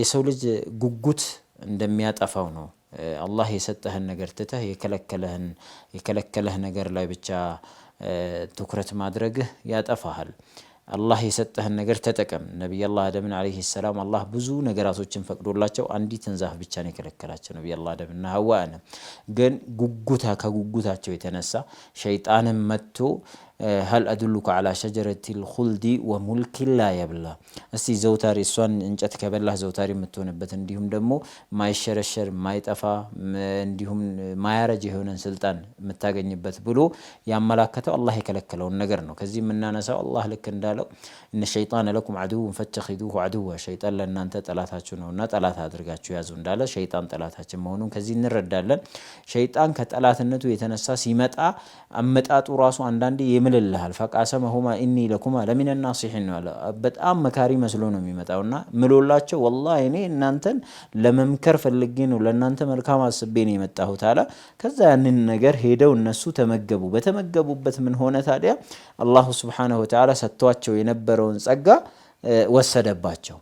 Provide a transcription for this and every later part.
የሰው ልጅ ጉጉት እንደሚያጠፋው ነው። አላህ የሰጠህን ነገር ትተህ የከለከለህን የከለከለህ ነገር ላይ ብቻ ትኩረት ማድረግህ ያጠፋሃል። አላህ የሰጠህን ነገር ተጠቀም። ነቢያላህ አደምን ዓለይሂ ሰላም አላህ ብዙ ነገራቶችን ፈቅዶላቸው አንዲትን ዛፍ ብቻ ነው የከለከላቸው። ነቢያላህ አደምና ሀዋ ግን ጉጉታ ከጉጉታቸው የተነሳ ሸይጣንም መጥቶ ሀል አድሉከ ዓላ ሸጀረት ልኹልዲ ወሙልክ ላ የብላ። እስቲ ዘውታሪ እሷን እንጨት ከበላህ ዘውታሪ የምትሆንበት እንዲሁም ደግሞ ማይሸረሸር ማይጠፋ እንዲሁም ማያረጅ የሆነን ስልጣን የምታገኝበት ብሎ ያመላከተው አላህ የከለከለውን ነገር ነው። ከዚህ የምናነሳው አላህ ልክ እንዳለው እነ ሸይጣን ለኩም አድውን ፈተኺዱሁ አድወ፣ ሸይጣን ለእናንተ ጠላታችሁ ነውና ጠላት አድርጋችሁ ያዙ እንዳለ ሸይጣን ጠላታችን መሆኑን ከዚህ እንረዳለን። ሸይጣን ከጠላትነቱ የተነሳ ሲመጣ አመጣጡ ራሱ አንዳንዴ ይምልልሃል። ፈቃሰመሁማ ኢኒ ለኩማ ለሚን ናሲሒን ነው በጣም መካሪ መስሎ ነው የሚመጣው እና ምሎላቸው ወላሂ እኔ እናንተን ለመምከር ፈልጌ ነው ለእናንተ መልካም አስቤ ነው የመጣሁት አለ። ከዛ ያንን ነገር ሄደው እነሱ ተመገቡ። በተመገቡበት ምን ሆነ ታዲያ? አላሁ ስብሓነሁ ወተዓላ ሰጥቷቸው የነበረውን ጸጋ ወሰደባቸው።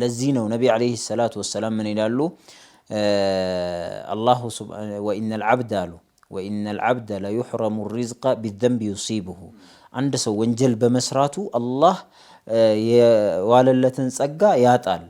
ለዚህ ነው ነቢ ዓለይሂ ሰላቱ ወሰላም ምን ይላሉ? አላሁ ወኢነል ዓብድ አሉ ወኢነል ዐብደ ለዩሕረሙ ሪዝቀ ቢዘንብ ዩሲቡሁ አንድ ሰው ወንጀል በመስራቱ አላህ የዋለለትን ጸጋ ያጣል።